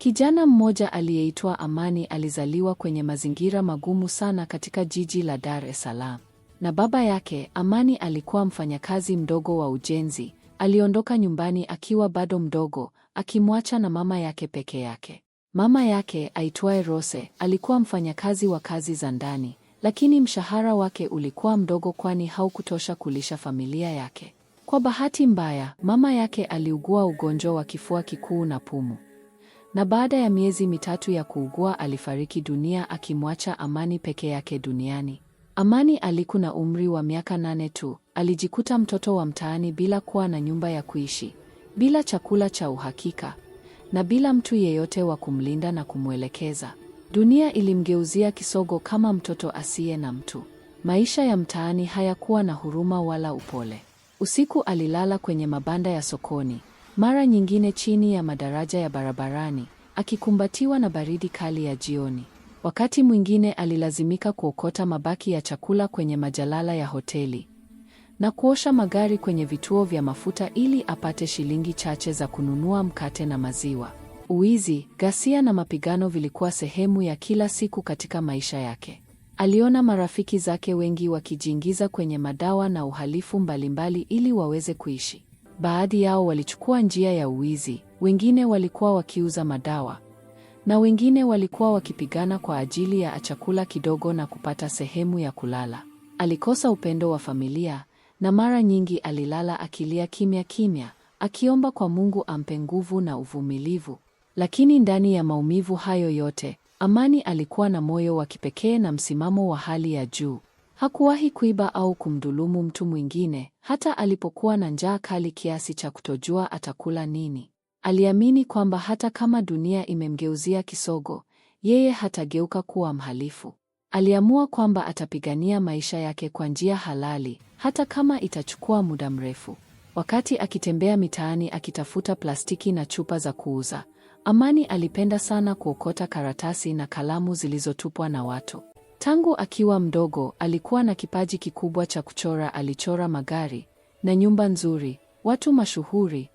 Kijana mmoja aliyeitwa Amani alizaliwa kwenye mazingira magumu sana katika jiji la Dar es Salaam. Na baba yake, Amani alikuwa mfanyakazi mdogo wa ujenzi. Aliondoka nyumbani akiwa bado mdogo, akimwacha na mama yake peke yake. Mama yake aitwaye Rose alikuwa mfanyakazi wa kazi za ndani, lakini mshahara wake ulikuwa mdogo kwani haukutosha kulisha familia yake. Kwa bahati mbaya, mama yake aliugua ugonjwa wa kifua kikuu na pumu na baada ya miezi mitatu ya kuugua alifariki dunia akimwacha Amani peke yake duniani. Amani alikuwa na umri wa miaka nane tu. Alijikuta mtoto wa mtaani bila kuwa na nyumba ya kuishi, bila chakula cha uhakika na bila mtu yeyote wa kumlinda na kumwelekeza. Dunia ilimgeuzia kisogo kama mtoto asiye na mtu. Maisha ya mtaani hayakuwa na huruma wala upole. Usiku alilala kwenye mabanda ya sokoni mara nyingine chini ya madaraja ya barabarani, akikumbatiwa na baridi kali ya jioni. Wakati mwingine alilazimika kuokota mabaki ya chakula kwenye majalala ya hoteli na kuosha magari kwenye vituo vya mafuta ili apate shilingi chache za kununua mkate na maziwa. Uizi, ghasia na mapigano vilikuwa sehemu ya kila siku katika maisha yake. Aliona marafiki zake wengi wakijiingiza kwenye madawa na uhalifu mbalimbali ili waweze kuishi. Baadhi yao walichukua njia ya uwizi, wengine walikuwa wakiuza madawa na wengine walikuwa wakipigana kwa ajili ya chakula kidogo na kupata sehemu ya kulala. Alikosa upendo wa familia na mara nyingi alilala akilia kimya kimya, akiomba kwa Mungu ampe nguvu na uvumilivu. Lakini ndani ya maumivu hayo yote, Amani alikuwa na moyo wa kipekee na msimamo wa hali ya juu. Hakuwahi kuiba au kumdhulumu mtu mwingine, hata alipokuwa na njaa kali kiasi cha kutojua atakula nini. Aliamini kwamba hata kama dunia imemgeuzia kisogo, yeye hatageuka kuwa mhalifu. Aliamua kwamba atapigania maisha yake kwa njia halali, hata kama itachukua muda mrefu. Wakati akitembea mitaani akitafuta plastiki na chupa za kuuza, Amani alipenda sana kuokota karatasi na kalamu zilizotupwa na watu. Tangu akiwa mdogo alikuwa na kipaji kikubwa cha kuchora. Alichora magari na nyumba nzuri, watu mashuhuri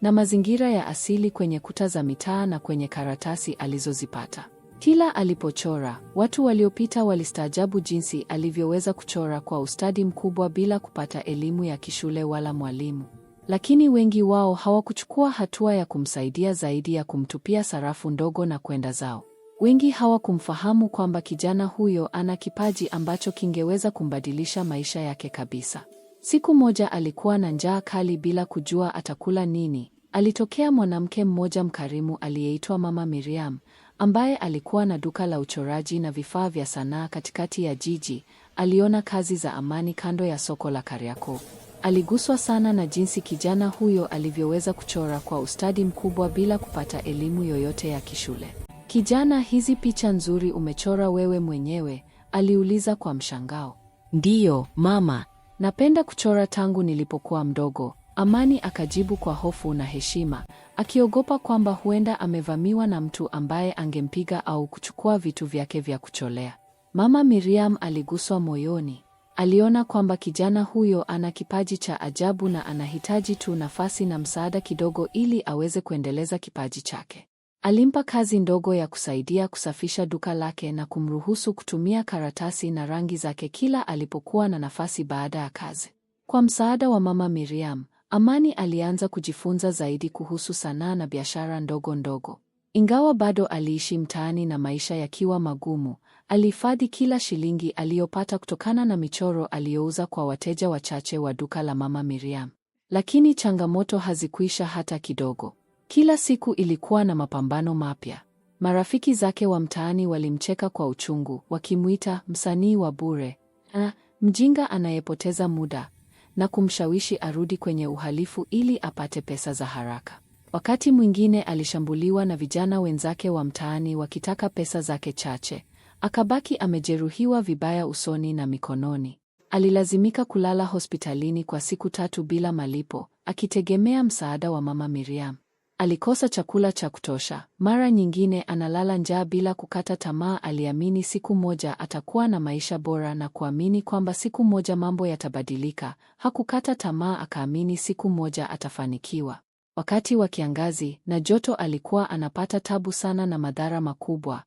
na mazingira ya asili kwenye kuta za mitaa na kwenye karatasi alizozipata. Kila alipochora, watu waliopita walistaajabu jinsi alivyoweza kuchora kwa ustadi mkubwa bila kupata elimu ya kishule wala mwalimu. Lakini wengi wao hawakuchukua hatua ya kumsaidia zaidi ya kumtupia sarafu ndogo na kwenda zao. Wengi hawakumfahamu kwamba kijana huyo ana kipaji ambacho kingeweza kumbadilisha maisha yake kabisa. Siku moja alikuwa na njaa kali bila kujua atakula nini. Alitokea mwanamke mmoja mkarimu aliyeitwa Mama Miriam, ambaye alikuwa na duka la uchoraji na vifaa vya sanaa katikati ya jiji. Aliona kazi za amani kando ya soko la Kariakoo. Aliguswa sana na jinsi kijana huyo alivyoweza kuchora kwa ustadi mkubwa bila kupata elimu yoyote ya kishule. Kijana, hizi picha nzuri umechora wewe mwenyewe? aliuliza kwa mshangao. Ndiyo mama, napenda kuchora tangu nilipokuwa mdogo, Amani akajibu kwa hofu na heshima, akiogopa kwamba huenda amevamiwa na mtu ambaye angempiga au kuchukua vitu vyake vya kucholea. Mama Miriam aliguswa moyoni. Aliona kwamba kijana huyo ana kipaji cha ajabu na anahitaji tu nafasi na msaada kidogo ili aweze kuendeleza kipaji chake. Alimpa kazi ndogo ya kusaidia kusafisha duka lake na kumruhusu kutumia karatasi na rangi zake kila alipokuwa na nafasi baada ya kazi. Kwa msaada wa Mama Miriam, Amani alianza kujifunza zaidi kuhusu sanaa na biashara ndogo ndogo. Ingawa bado aliishi mtaani na maisha yakiwa magumu, alihifadhi kila shilingi aliyopata kutokana na michoro aliyouza kwa wateja wachache wa duka la Mama Miriam. Lakini changamoto hazikuisha hata kidogo. Kila siku ilikuwa na mapambano mapya. Marafiki zake wa mtaani walimcheka kwa uchungu, wakimwita msanii wa bure na ah, mjinga anayepoteza muda na kumshawishi arudi kwenye uhalifu ili apate pesa za haraka. Wakati mwingine alishambuliwa na vijana wenzake wa mtaani wakitaka pesa zake chache, akabaki amejeruhiwa vibaya usoni na mikononi. Alilazimika kulala hospitalini kwa siku tatu bila malipo, akitegemea msaada wa Mama Miriam. Alikosa chakula cha kutosha, mara nyingine analala njaa bila kukata tamaa. Aliamini siku moja atakuwa na maisha bora na kuamini kwamba siku moja mambo yatabadilika. Hakukata tamaa, akaamini siku moja atafanikiwa. Wakati wa kiangazi na joto alikuwa anapata tabu sana na madhara makubwa,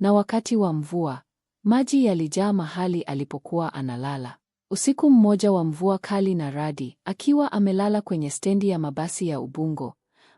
na wakati wa mvua maji yalijaa mahali alipokuwa analala. Usiku mmoja wa mvua kali na radi, akiwa amelala kwenye stendi ya mabasi ya Ubungo,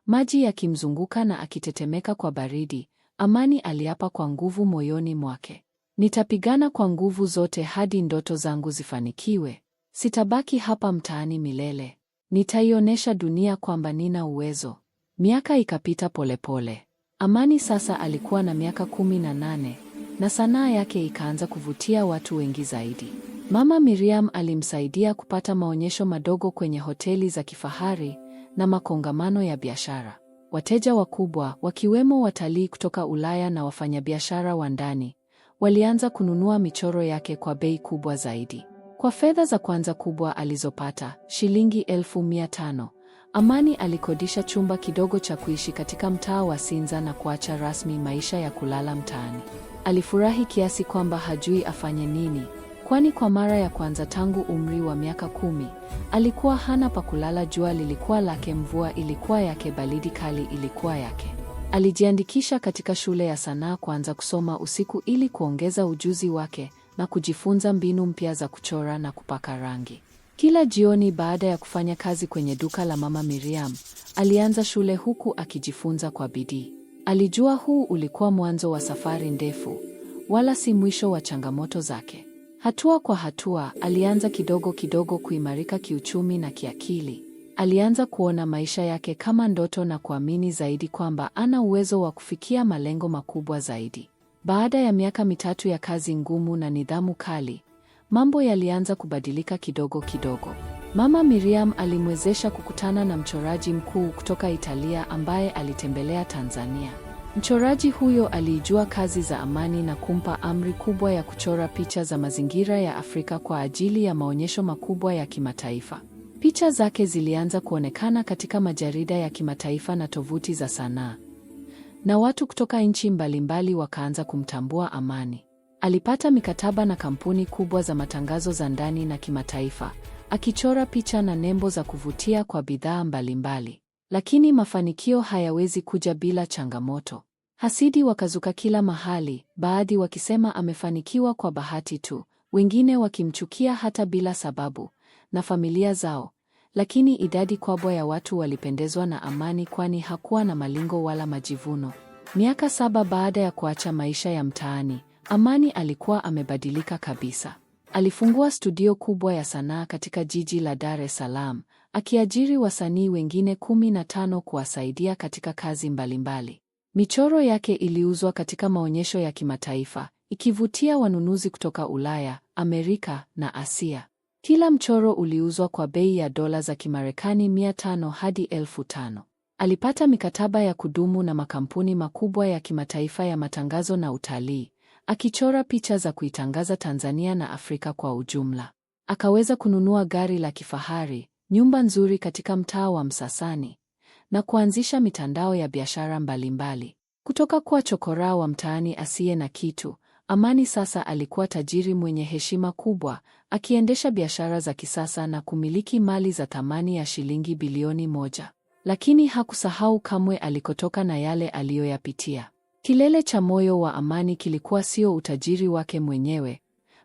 maji yakimzunguka na akitetemeka kwa baridi. Amani aliapa kwa nguvu moyoni mwake, nitapigana kwa nguvu zote hadi ndoto zangu zifanikiwe. Sitabaki hapa mtaani milele, nitaionyesha dunia kwamba nina uwezo. Miaka ikapita polepole. Amani sasa alikuwa na miaka kumi na nane na sanaa yake ikaanza kuvutia watu wengi zaidi. Mama Miriam alimsaidia kupata maonyesho madogo kwenye hoteli za kifahari na makongamano ya biashara. Wateja wakubwa wakiwemo watalii kutoka Ulaya na wafanyabiashara wa ndani walianza kununua michoro yake kwa bei kubwa zaidi. Kwa fedha za kwanza kubwa alizopata, shilingi elfu mia tano, Amani alikodisha chumba kidogo cha kuishi katika mtaa wa Sinza na kuacha rasmi maisha ya kulala mtaani. Alifurahi kiasi kwamba hajui afanye nini kwani kwa mara ya kwanza tangu umri wa miaka kumi alikuwa hana pa kulala. Jua lilikuwa lake, mvua ilikuwa yake, baridi kali ilikuwa yake. Alijiandikisha katika shule ya sanaa kuanza kusoma usiku ili kuongeza ujuzi wake na kujifunza mbinu mpya za kuchora na kupaka rangi. Kila jioni baada ya kufanya kazi kwenye duka la Mama Miriam, alianza shule huku akijifunza kwa bidii. Alijua huu ulikuwa mwanzo wa safari ndefu, wala si mwisho wa changamoto zake. Hatua kwa hatua, alianza kidogo kidogo kuimarika kiuchumi na kiakili. Alianza kuona maisha yake kama ndoto na kuamini zaidi kwamba ana uwezo wa kufikia malengo makubwa zaidi. Baada ya miaka mitatu ya kazi ngumu na nidhamu kali, mambo yalianza kubadilika kidogo kidogo. Mama Miriam alimwezesha kukutana na mchoraji mkuu kutoka Italia ambaye alitembelea Tanzania. Mchoraji huyo aliijua kazi za Amani na kumpa amri kubwa ya kuchora picha za mazingira ya Afrika kwa ajili ya maonyesho makubwa ya kimataifa. Picha zake zilianza kuonekana katika majarida ya kimataifa na tovuti za sanaa, na watu kutoka nchi mbalimbali wakaanza kumtambua Amani. Alipata mikataba na kampuni kubwa za matangazo za ndani na kimataifa, akichora picha na nembo za kuvutia kwa bidhaa mbalimbali. Lakini mafanikio hayawezi kuja bila changamoto. Hasidi wakazuka kila mahali, baadhi wakisema amefanikiwa kwa bahati tu, wengine wakimchukia hata bila sababu, na familia zao. Lakini idadi kubwa ya watu walipendezwa na amani, kwani hakuwa na malingo wala majivuno. Miaka saba baada ya kuacha maisha ya mtaani, Amani alikuwa amebadilika kabisa. Alifungua studio kubwa ya sanaa katika jiji la Dar es Salaam, akiajiri wasanii wengine kumi na tano kuwasaidia katika kazi mbalimbali. Michoro yake iliuzwa katika maonyesho ya kimataifa, ikivutia wanunuzi kutoka Ulaya, Amerika na Asia. Kila mchoro uliuzwa kwa bei ya dola za Kimarekani 5 hadi elfu Alipata mikataba ya kudumu na makampuni makubwa ya kimataifa ya matangazo na utalii, akichora picha za kuitangaza Tanzania na Afrika kwa ujumla. Akaweza kununua gari la kifahari, nyumba nzuri katika mtaa wa Msasani na kuanzisha mitandao ya biashara mbalimbali. Kutoka kuwa chokoraa wa mtaani asiye na kitu, Amani sasa alikuwa tajiri mwenye heshima kubwa, akiendesha biashara za kisasa na kumiliki mali za thamani ya shilingi bilioni moja. Lakini hakusahau kamwe alikotoka na yale aliyoyapitia. Kilele cha moyo wa Amani kilikuwa sio utajiri wake mwenyewe,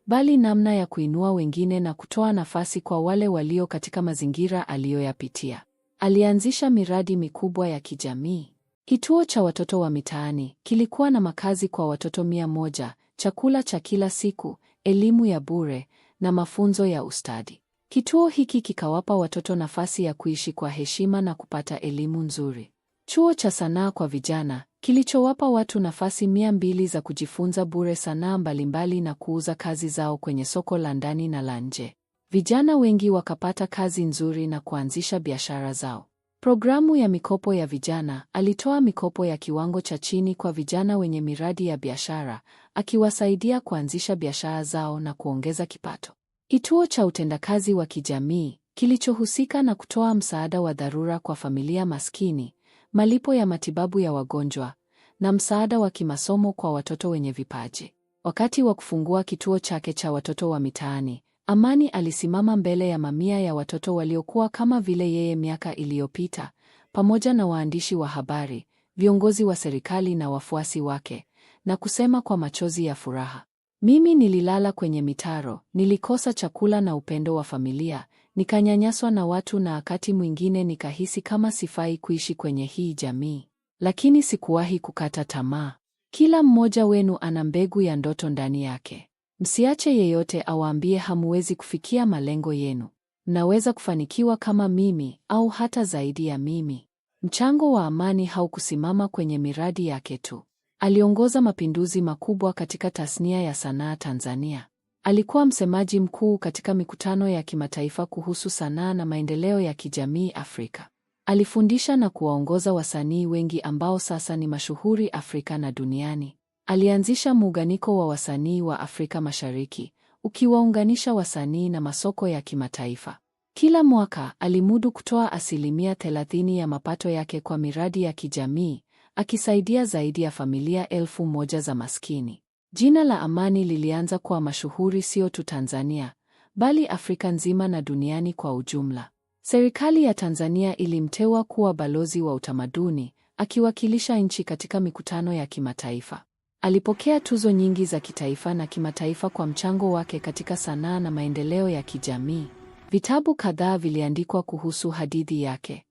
bali namna ya kuinua wengine na kutoa nafasi kwa wale walio katika mazingira aliyoyapitia. Alianzisha miradi mikubwa ya kijamii. Kituo cha watoto wa mitaani kilikuwa na makazi kwa watoto mia moja, chakula cha kila siku, elimu ya bure na mafunzo ya ustadi. Kituo hiki kikawapa watoto nafasi ya kuishi kwa heshima na kupata elimu nzuri. Chuo cha sanaa kwa vijana kilichowapa watu nafasi mia mbili za kujifunza bure sanaa mbalimbali na kuuza kazi zao kwenye soko la ndani na la nje. Vijana wengi wakapata kazi nzuri na kuanzisha biashara zao. Programu ya mikopo ya vijana alitoa mikopo ya kiwango cha chini kwa vijana wenye miradi ya biashara, akiwasaidia kuanzisha biashara zao na kuongeza kipato. Kituo cha utendakazi wa kijamii kilichohusika na kutoa msaada wa dharura kwa familia maskini malipo ya matibabu ya wagonjwa na msaada wa kimasomo kwa watoto wenye vipaji. Wakati wa kufungua kituo chake cha watoto wa mitaani, Amani alisimama mbele ya mamia ya watoto waliokuwa kama vile yeye miaka iliyopita, pamoja na waandishi wa habari, viongozi wa serikali na wafuasi wake, na kusema kwa machozi ya furaha, mimi nililala kwenye mitaro, nilikosa chakula na upendo wa familia, nikanyanyaswa na watu na wakati mwingine nikahisi kama sifai kuishi kwenye hii jamii, lakini sikuwahi kukata tamaa. Kila mmoja wenu ana mbegu ya ndoto ndani yake. Msiache yeyote awaambie hamuwezi kufikia malengo yenu. Mnaweza kufanikiwa kama mimi au hata zaidi ya mimi. Mchango wa Amani haukusimama kwenye miradi yake tu. Aliongoza mapinduzi makubwa katika tasnia ya sanaa Tanzania. Alikuwa msemaji mkuu katika mikutano ya kimataifa kuhusu sanaa na maendeleo ya kijamii Afrika. Alifundisha na kuwaongoza wasanii wengi ambao sasa ni mashuhuri Afrika na duniani. Alianzisha muunganiko wa wasanii wa Afrika Mashariki, ukiwaunganisha wasanii na masoko ya kimataifa. Kila mwaka alimudu kutoa asilimia 30 ya mapato yake kwa miradi ya kijamii, akisaidia zaidi ya familia elfu moja za maskini. Jina la Amani lilianza kuwa mashuhuri sio tu Tanzania, bali Afrika nzima na duniani kwa ujumla. Serikali ya Tanzania ilimteua kuwa balozi wa utamaduni, akiwakilisha nchi katika mikutano ya kimataifa. Alipokea tuzo nyingi za kitaifa na kimataifa kwa mchango wake katika sanaa na maendeleo ya kijamii. Vitabu kadhaa viliandikwa kuhusu hadithi yake,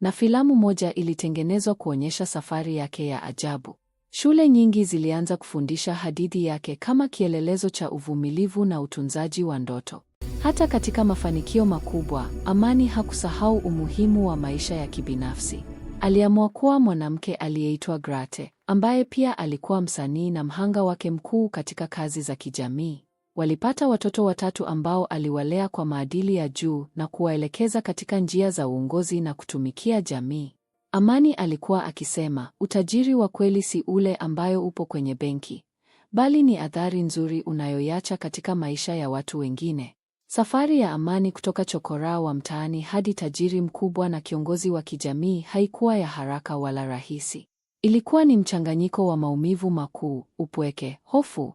na filamu moja ilitengenezwa kuonyesha safari yake ya ajabu. Shule nyingi zilianza kufundisha hadithi yake kama kielelezo cha uvumilivu na utunzaji wa ndoto. Hata katika mafanikio makubwa, Amani hakusahau umuhimu wa maisha ya kibinafsi. Aliamua kuwa mwanamke aliyeitwa grate ambaye pia alikuwa msanii na mhanga wake mkuu katika kazi za kijamii. Walipata watoto watatu ambao aliwalea kwa maadili ya juu na kuwaelekeza katika njia za uongozi na kutumikia jamii. Amani alikuwa akisema, utajiri wa kweli si ule ambayo upo kwenye benki, bali ni athari nzuri unayoyacha katika maisha ya watu wengine. Safari ya Amani kutoka chokoraa wa mtaani hadi tajiri mkubwa na kiongozi wa kijamii haikuwa ya haraka wala rahisi. Ilikuwa ni mchanganyiko wa maumivu makuu, upweke, hofu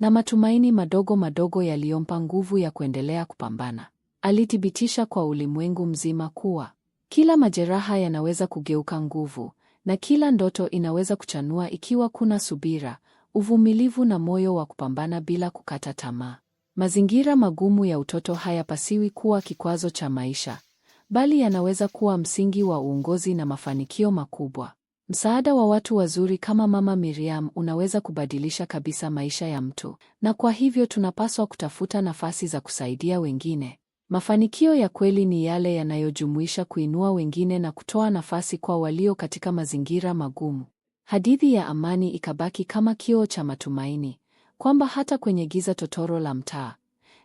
na matumaini madogo madogo yaliyompa nguvu ya kuendelea kupambana. Alithibitisha kwa ulimwengu mzima kuwa kila majeraha yanaweza kugeuka nguvu, na kila ndoto inaweza kuchanua ikiwa kuna subira, uvumilivu na moyo wa kupambana bila kukata tamaa. Mazingira magumu ya utoto hayapasiwi kuwa kikwazo cha maisha, bali yanaweza kuwa msingi wa uongozi na mafanikio makubwa. Msaada wa watu wazuri kama Mama Miriam unaweza kubadilisha kabisa maisha ya mtu, na kwa hivyo tunapaswa kutafuta nafasi za kusaidia wengine. Mafanikio ya kweli ni yale yanayojumuisha kuinua wengine na kutoa nafasi kwa walio katika mazingira magumu. Hadithi ya Amani ikabaki kama kioo cha matumaini, kwamba hata kwenye giza totoro la mtaa,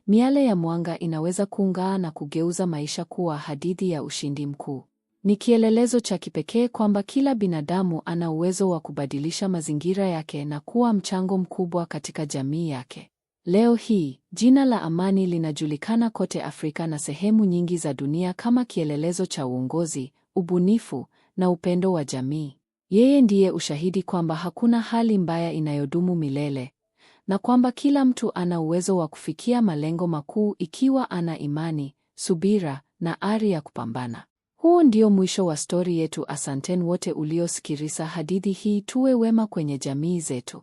miale ya mwanga inaweza kung'aa na kugeuza maisha kuwa hadithi ya ushindi mkuu. Ni kielelezo cha kipekee kwamba kila binadamu ana uwezo wa kubadilisha mazingira yake na kuwa mchango mkubwa katika jamii yake. Leo hii jina la amani linajulikana kote Afrika na sehemu nyingi za dunia kama kielelezo cha uongozi, ubunifu na upendo wa jamii. Yeye ndiye ushahidi kwamba hakuna hali mbaya inayodumu milele na kwamba kila mtu ana uwezo wa kufikia malengo makuu ikiwa ana imani, subira na ari ya kupambana. Huu ndio mwisho wa stori yetu. Asanteni wote uliosikiliza hadithi hii. Tuwe wema kwenye jamii zetu.